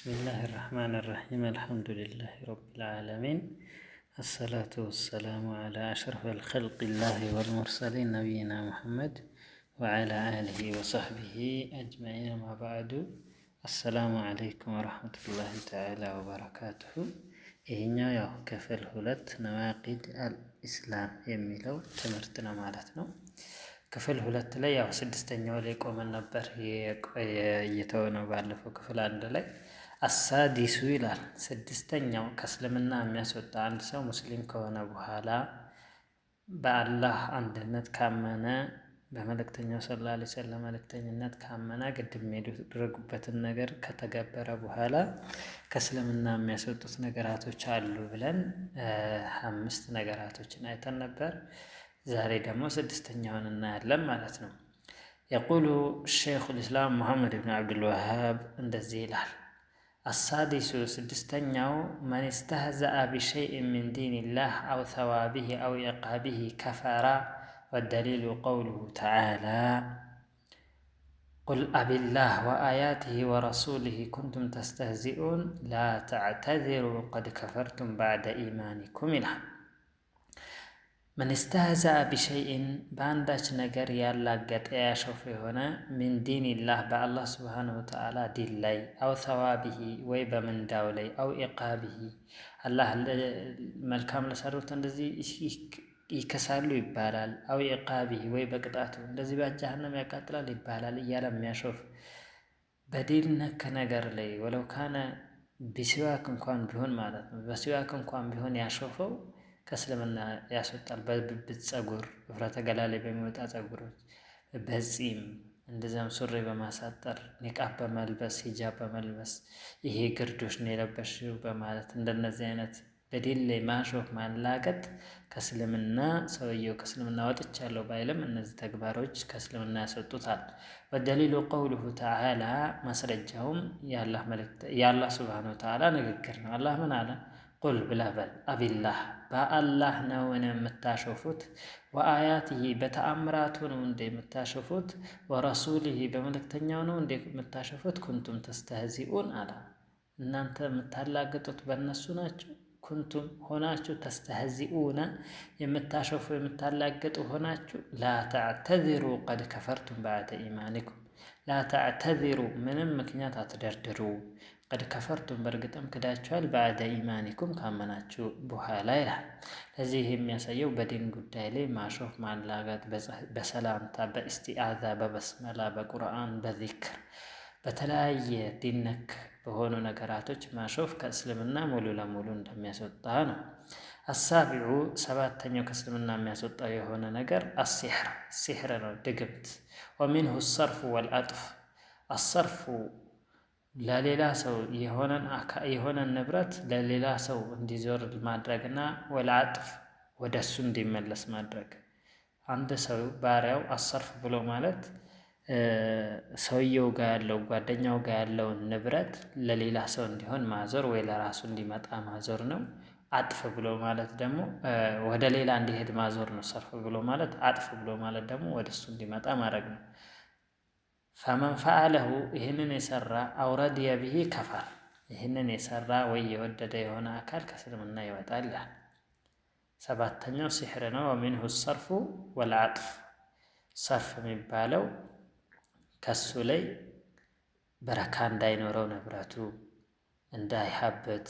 بسم الله الرحمن الرحيم الحمد لله رب العالمين الصلاة والسلام على أشرف الخلق الله والمرسلين نبينا محمد وعلى آله وصحبه أجمعين ما بعد السلام عليكم ورحمة الله تعالى وبركاته إهنا يا كفل هلت نواقد الإسلام يميلو تمرتنا مالتنا ክፍል ሁለት ላይ ያው ስድስተኛው ላይ ቆመን ነበር እየተወነው ባለፈው ክፍል አንድ ላይ አሳዲሱ ይላል ስድስተኛው ከእስልምና የሚያስወጣ አንድ ሰው ሙስሊም ከሆነ በኋላ በአላህ አንድነት ካመነ በመልእክተኛው ሰለላሁ ዐለይሂ ወሰለም መልእክተኝነት ካመነ ቅድም የሚያደርጉበትን ነገር ከተገበረ በኋላ ከእስልምና የሚያስወጡት ነገራቶች አሉ ብለን አምስት ነገራቶችን አይተን ነበር። ዛሬ ደግሞ ስድስተኛውን እናያለን ማለት ነው። የቁሉ ሼኹል ኢስላም ሙሐመድ ብን አብዱልዋሃብ እንደዚህ ይላል السادس سدستኛው من استهزأ بشيء من دين الله أو ثوابه أو عقابه كفر والدليل قوله تعالى قل أب الله وآياته ورسوله كنتم تستهزئون لا تعتذروا قد كفرتم بعد إيمانكم الحق መንስተህዛአ ቢሸይን በአንዳች ነገር ያላገጠ ያሾፈ የሆነ ምን ዲንላህ በአላህ ስብሓነሁ ወተዓላ ዲን ላይ አው ተዋቢሂ ወይ በምንዳው ላይ አው ኢቃቢሂ አላህ መልካም ለሰሩት እንደዚህ ይከሳሉ ይባላል። አው ኢቃቢሂ ወይ በቅጣቱ እንደዚህ በጀሃነም ያቃጥላል ይባላል እያለ የሚያሾፍ በዲን ነክ ነገር ላይ ወለው ካነ ቢሲዋክ እንኳን ቢሆን ማለት ነው በሲዋክ እንኳን ቢሆን ያሾፈው ከእስልምና ያስወጣል። በብብት ፀጉር፣ እፍረተ በሚወጣ ፀጉሮች፣ በፂም እንደዚያም ሱሪ በማሳጠር ኒቃብ በመልበስ ሂጃብ በመልበስ ይሄ ግርዶሽ ነው የለበሽው በማለት እንደነዚህ አይነት በዲል ላይ ማሾፍ ማላቀጥ ከእስልምና ሰውየው ከእስልምና ወጥቻለሁ ባይልም እነዚህ ተግባሮች ከእስልምና ያስወጡታል። ወደሊሉ ቀውሉሁ ተዓላ ማስረጃውም የአላህ ስብሃነ ተዓላ ንግግር ነው። አላህ ምን አለ? ቁል ብለህ በል አቢላህ በአላህ ነውን የምታሾፉት፣ ወአያትህ በተአምራቱ ነው እንደ የምታሾፉት፣ ወረሱልህ በመልእክተኛው ነው እንደ የምታሸፉት ኩንቱም ተስተህዚኡን አላ እናንተ የምታላግጡት በእነሱ ናቸው። ኩንቱም ሆናችሁ ተስተህዚኡነ የምታሸፉ የምታላግጡ ሆናችሁ። ላተዕተዚሩ ቀድ ከፈርቱም በዕደ ኢማኒኩም ላተዕተዚሩ ምንም ምክንያት አትደርድሩ ቀድ ከፈርቱም በእርግጥም ክዳችኋል ባዕደ ኢማኒኩም ካመናችሁ በኋላ ይላል። ለዚህ የሚያሳየው በዲን ጉዳይ ላይ ማሾፍ፣ ማላጋጥ፣ በሰላምታ፣ በእስቲአዛ፣ በበስመላ፣ በቁርአን፣ በዚክር በተለያየ ዲን ነክ በሆኑ ነገራቶች ማሾፍ ከእስልምና ሙሉ ለሙሉ እንደሚያስወጣ ነው። አሳቢዑ ሰባተኛው ከእስልምና የሚያስወጣው የሆነ ነገር አሲሕር ሲሕር ነው፣ ድግምት። ወሚንሁ ሰርፉ ወልአጥፍ አሰርፉ ለሌላ ሰው የሆነን ንብረት ለሌላ ሰው እንዲዞር ማድረግና ወለአጥፍ ወደ እሱ እንዲመለስ ማድረግ። አንድ ሰው ባሪያው አሰርፍ ብሎ ማለት ሰውየው ጋር ያለው ጓደኛው ጋር ያለውን ንብረት ለሌላ ሰው እንዲሆን ማዞር ወይ ለራሱ እንዲመጣ ማዞር ነው። አጥፍ ብሎ ማለት ደግሞ ወደ ሌላ እንዲሄድ ማዞር ነው። ሰርፍ ብሎ ማለት አጥፍ ብሎ ማለት ደግሞ ወደ እሱ እንዲመጣ ማድረግ ነው። ፈመን ፈአለሁ ይህንን የሰራ አውረድየ ብሂ ከፈር ይህንን የሰራ ወይ የወደደ የሆነ አካል ከእስልምና ይወጣል። ሰባተኛው ሲሕር ነው። ወሚንሁ ሰርፉ ወልዓጥፍ ሰርፍ የሚባለው ከሱ ላይ በረካ እንዳይኖረው ንብረቱ እንዳይሃበት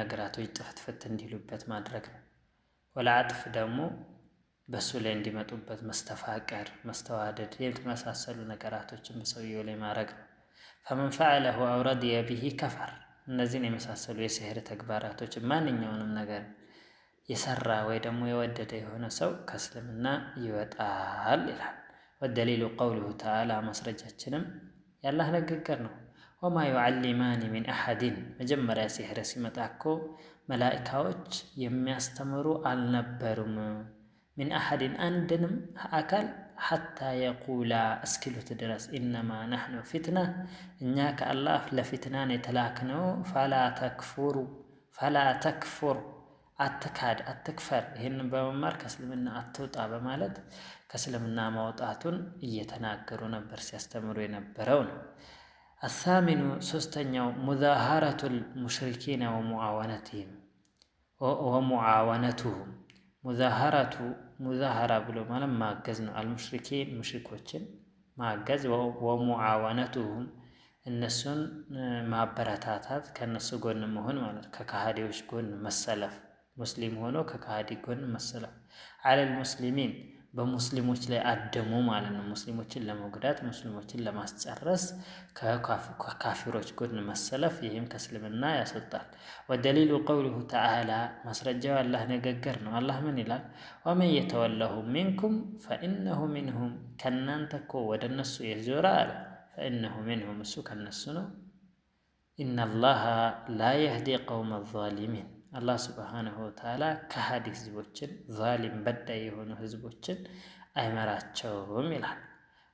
ነገራቶች ጥፍትፍት እንዲሉበት ማድረግ ነው። ወልዓጥፍ ደግሞ በእሱ ላይ እንዲመጡበት መስተፋቀር፣ መስተዋደድ የተመሳሰሉ ነገራቶችን በሰውየው ላይ ማድረግ ነው። ፈመን ፈዓለሁ አው ረዲየ ቢሂ ከፈር። እነዚህን የመሳሰሉ የስህር ተግባራቶች ማንኛውንም ነገር የሰራ ወይ ደግሞ የወደደ የሆነ ሰው ከእስልምና ይወጣል ይላል። ወደሊሉ ቀውሉሁ ተዓላ ማስረጃችንም ያላህ ንግግር ነው። ወማ ዩዓሊማኒ ሚን አሐዲን መጀመሪያ ሲህር ሲመጣ እኮ መላኢካዎች የሚያስተምሩ አልነበሩም። ሚን አሐድን አንድንም አካል ሐታ የቁላ እስኪሉት ድረስ ኢነማ ናሕኑ ፊትና እኛ ከአላህ ለፊትናን የተላክነው ፈላ ተክፉሩ ፈላ ተክፉር አትካድ አትክፈር፣ ይህንን በመማር ከእስልምና አትውጣ በማለት ከእስልምና ማውጣቱን እየተናገሩ ነበር ሲያስተምሩ የነበረው ነው። አሳሚኑ ሶስተኛው ሙዛሃረቱል ሙሽሪኪነ ወሙዓወነቱሁም ሙዛሃረቱ ሙዛሃራ ብሎ ማለት ማገዝ ነው። አልሙሽሪኪን ሙሽሪኮችን ማገዝ ወሙዓወነቱሁም እነሱን ማበረታታት ከእነሱ ጎን መሆን ማለት ከካሃዲዎች ጎን መሰለፍ ሙስሊም ሆኖ ከካሃዲ ጎን መሰለፍ አለል ሙስሊሚን በሙስሊሞች ላይ አደሙ ማለት ነው። ሙስሊሞችን ለመጉዳት ሙስሊሞችን ለማስጨረስ ከካፊሮች ጎን መሰለፍ ይህም ከእስልምና ያስወጣል። ወደሊሉ ቀውሉሁ ተዓላ ማስረጃው አላህ ንግግር ነው። አላህ ምን ይላል? ወመን የተወለሁ ሚንኩም ፈኢነሁ ሚንሁም ከእናንተ ኮ ወደ እነሱ የዞረ አለ ፈኢነሁ ሚንሁም እሱ ከነሱ ነው። ኢነላሃ ላ የህዲ ቀውመ ዛሊሚን አላህ ስብሓንሁ ወተዓላ ከሀዲ ህዝቦችን ዛሊም በዳይ የሆኑ ህዝቦችን አይመራቸውም ይላል።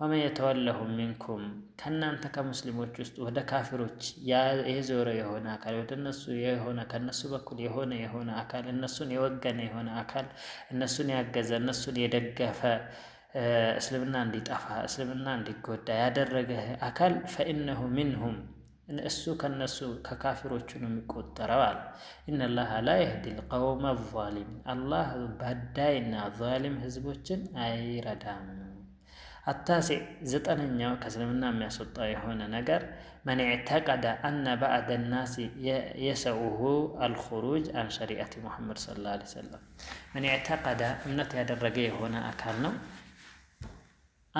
ወመን የተወለሁም ሚንኩም ከእናንተ ከሙስሊሞች ውስጥ ወደ ካፊሮች የዞረ የሆነ አካል ወደ እነሱ የሆነ ከእነሱ በኩል የሆነ የሆነ አካል እነሱን የወገነ የሆነ አካል እነሱን ያገዘ እነሱን የደገፈ እስልምና እንዲጠፋ እስልምና እንዲጎዳ ያደረገ አካል ፈኢነሁ ሚንሁም እሱ ከነሱ ከካፊሮቹ ነው የሚቆጠረው አለ። ኢነላህ ላ የህዲል ቀውመ ዛሊም፣ አላህ ባዳይና ዛሊም ህዝቦችን አይረዳም። አታሴ ዘጠነኛው ከእስልምና የሚያስወጣው የሆነ ነገር መን ኢዕተቀደ አነ ባዕደ ናሲ የሰኡሁ አልኹሩጅ አን ሸሪአቲ ሙሐመድ ሰለላሁ ዐለይሂ ወሰለም። መን ኢዕተቀደ እምነት ያደረገ የሆነ አካል ነው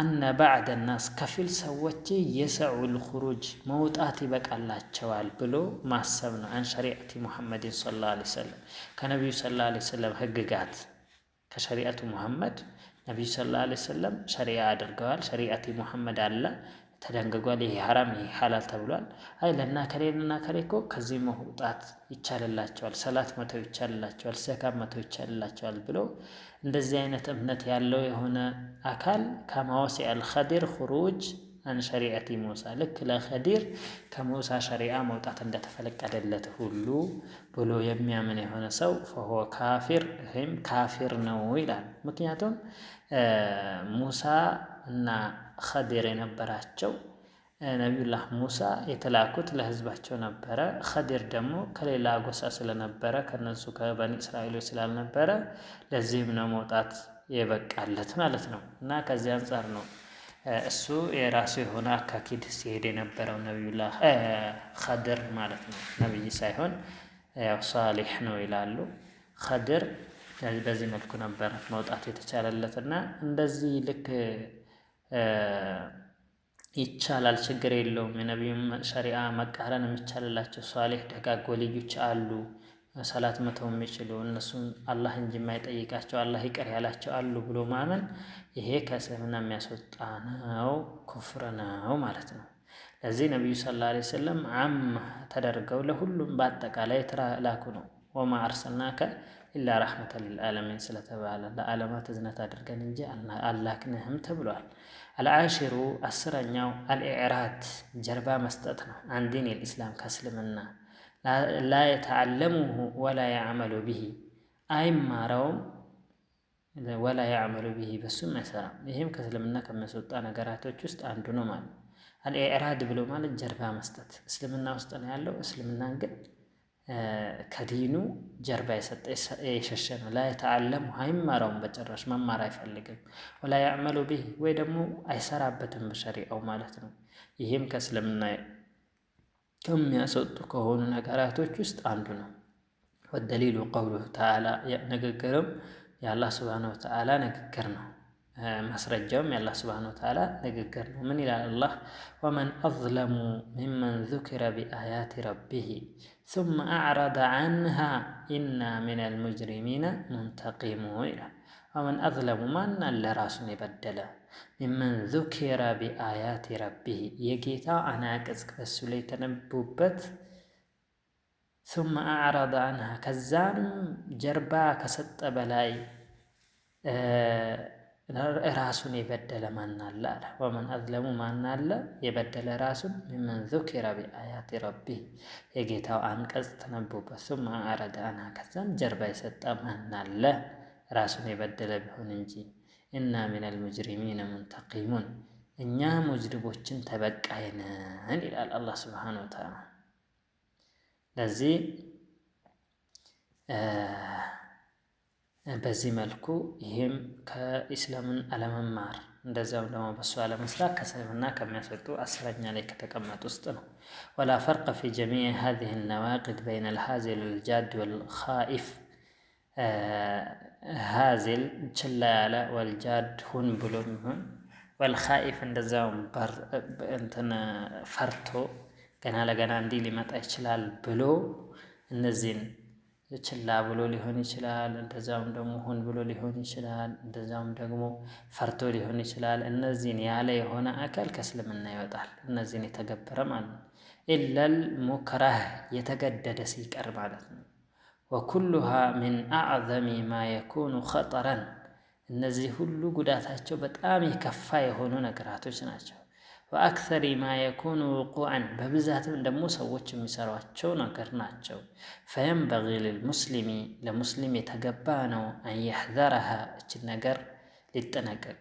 አነ ባዕደ ናስ ከፊል ሰዎች የሰዑል ኹሩጅ መውጣት ይበቃላቸዋል ብሎ ማሰብ ነው። አን ሸሪዓቲ ሙሐመድን ሰለላሁ ዐለይሂ ወሰለም ከነቢዩ ሰለላሁ ዐለይሂ ወሰለም ህግጋት ከሸሪዓቱ ሙሐመድ ነቢዩ ሰለላሁ ዐለይሂ ወሰለም ሸሪዓ አድርገዋል። ሸሪዓቲ ሙሐመድ አለ ተደንግጓል። ይሄ ሀራም ይሄ ሀላል ተብሏል። አይ ለና ከሌልና ከሌ እኮ ከዚህ መውጣት ይቻልላቸዋል፣ ሰላት መተው ይቻልላቸዋል፣ ዘካ መተው ይቻልላቸዋል ብሎ እንደዚህ አይነት እምነት ያለው የሆነ አካል ከማወሲ አልኸዲር ሁሩጅ አን ሸሪዐቲ ሙሳ ልክ ለኸዲር ከሙሳ ሸሪአ መውጣት እንደተፈለቀደለት ሁሉ ብሎ የሚያምን የሆነ ሰው ፈሆ ካፊር ይህም ካፊር ነው ይላል። ምክንያቱም ሙሳ እና ኸዲር የነበራቸው ነቢዩላህ ሙሳ የተላኩት ለህዝባቸው ነበረ። ኸዲር ደግሞ ከሌላ ጎሳ ስለነበረ ከነሱ ከበኒ እስራኤሎች ስላልነበረ ለዚህም ነው መውጣት የበቃለት ማለት ነው። እና ከዚህ አንጻር ነው እሱ የራሱ የሆነ አካኪድ ሲሄድ የነበረው ነቢዩላህ ኸድር ማለት ነው። ነቢይ ሳይሆን ያው ሳሌሕ ነው ይላሉ። ኸድር በዚህ መልኩ ነበረ መውጣት የተቻለለት እና እንደዚህ ልክ ይቻላል፣ ችግር የለውም። የነቢዩም ሸሪዓ መቃረን የሚቻልላቸው ሷሌህ ደጋግ ወልዮች አሉ፣ ሰላት መተው የሚችሉ እነሱም አላህ እንጂ የማይጠይቃቸው አላህ ይቅር ያላቸው አሉ ብሎ ማመን ይሄ ከእስልምና የሚያስወጣ ነው፣ ኩፍር ነው ማለት ነው። ለዚህ ነቢዩ ሰለላሁ ዐለይሂ ወሰለም አማ ተደርገው ለሁሉም በአጠቃላይ የተላኩ ነው። ወማ አርሰልናከ ኢላ ረሕመተን ልልዓለሚን ስለተባለ ለዓለማት እዝነት አድርገን እንጂ አላክንህም ተብሏል። አልዓሽሩ አስረኛው አልኢዕራድ ጀርባ መስጠት ነው። አንዲን ልእስላም ከእስልምና ላ የተዓለሙሁ ወላ ያዕመሉ ብሂ አይማረውም ወላ ያዕመሉ ብሂ በሱም አይሰራም። ይህም ከእስልምና ከሚያስወጣ ነገራቶች ውስጥ አንዱ ነው ማለት አልኢዕራድ ብሎ ማለት ጀርባ መስጠት እስልምና ውስጥ ነው ያለው። እስልምናን ግን ከዲኑ ጀርባ የሰጠ የሸሸ ነው። ላይ ተአለሙ አይማራውም፣ በጭራሽ መማር አይፈልግም። ወላ ያዕመሉ ቢህ ወይ ደግሞ አይሰራበትም በሸሪአው ማለት ነው። ይህም ከእስልምና ከሚያስወጡ ከሆኑ ነገራቶች ውስጥ አንዱ ነው። ወደሊሉ ቀውሉ ተዓላ ንግግርም የአላህ ስብሓነሁ ወተዓላ ንግግር ነው። ማስረጃውም የአላህ ስብሓነሁ ወተዓላ ንግግር ነው። ምን ይላል አላህ? ወመን አዝለሙ ሚመን ዙኪረ ቢአያቲ ረቢህ? ثم أعرض عنها ኢና ሚነል ሙጅሪሚነ ሙንተቂሙን ይላል። ወመን አዝለሙ ማን አለ ራሱን የበደለ ሚመን ዙኪረ ቢአያት ረቢህ የጌታ አናቅጽ በሱ ላይ የተነቡበት ሱመ አዕረደ አንሃ ከዛንም ጀርባ ከሰጠ በላይ ራሱን የበደለ ማን አለ አለ ወመን አዝለሙ ማን አለ የበደለ ራሱን ሚመን ዙኪረ ቢአያት ረቢ የጌታው አንቀጽ ተነቡበት ሱመ አረደ ዐንሃ ከዛም ጀርባ የሰጠ ማን አለ ራሱን የበደለ ቢሆን እንጂ እና ሚነል ሙጅሪሚነ ሙንተቂሙን እኛ ሙጅሪቦችን ተበቃይነን ይላል አላህ ሱብሓነሁ ወተዓላ ለዚህ በዚህ መልኩ ይህም ከኢስላምን አለመማር እንደዚያም ደግሞ በሱ አለመስራት ከእስልምና ከሚያስወጡ አስረኛ ላይ ከተቀመጡ ውስጥ ነው። ወላ ፈርቀ ፊ ጀሚዕ ሀዚህ ነዋቅድ በይነ ልሃዚል ልጃድ ወልኻኢፍ ሃዚል ችላ ያለ ወልጃድ ሁን ብሎ የሚሆን ወልኻኢፍ እንደዚያውም እንትን ፈርቶ ገና ለገና እንዲህ ሊመጣ ይችላል ብሎ እነዚህን ችላ ብሎ ሊሆን ይችላል እንደዛውም ደግሞ ሆን ብሎ ሊሆን ይችላል እንደዛውም ደግሞ ፈርቶ ሊሆን ይችላል። እነዚህን ያለ የሆነ አካል ከእስልምና ይወጣል እነዚህን የተገበረ ማለት ነው። ኢለል ሙከራህ የተገደደ ሲቀር ማለት ነው። ወኩሉሃ ሚን አዕዘሚ ማ የኩኑ ኸጠረን እነዚህ ሁሉ ጉዳታቸው በጣም የከፋ የሆኑ ነገራቶች ናቸው። ወአክሰሪ ማ የኩኑ ውቁዐን በብዛትም ደግሞ ሰዎች የሚሰሯቸው ነገር ናቸው። ፈየንበጊ ልልሙስሊሚ ለሙስሊም የተገባ ነው አንየሕዘረሃ እችን ነገር ሊጠነቀቅ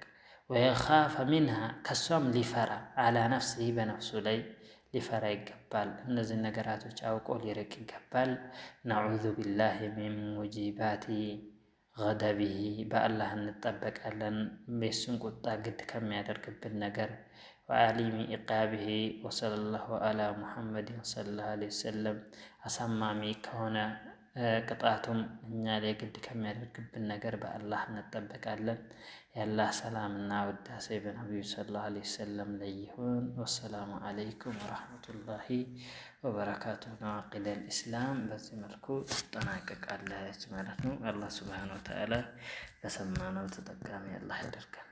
ወየኻፈ ሚንሃ ከሷም ሊፈራ አላ ነፍሲህ በነፍሱ ላይ ሊፈራ ይገባል። እነዚህን ነገራቶች አውቆ ሊርቅ ይገባል። ነዑዙ ቢላሂ ሚን ሙጂባቲ ገደቢሂ በአላህ እንጠበቃለን የሱን ቁጣ ግድ ከሚያደርግብን ነገር ወአሊሚ ኢቃቢሂ ወሰለላሁ አላ ሙሐመድን ሰለላሁ ዐለይሂ ወሰለም። አሳማሚ ከሆነ ቅጣቱም እኛ ላይ ግድ ከሚያደርግብን ነገር በአላህ እንጠበቃለን። የአላህ ሰላምና ውዳሴ በነቢዩ ሰለላሁ ዐለይሂ ወሰለም ላይ ይሁን። ወሰላሙ ዐለይኩም ወረሕመቱላሂ ወበረካቱ። ነዋቂደል ኢስላም በዚህ መልኩ ትጠናቀቃለች ማለት ነው። አላህ ስብሓነሁ ወተዓላ በሰማነው ተጠቃሚ አላህ ያደርጋል።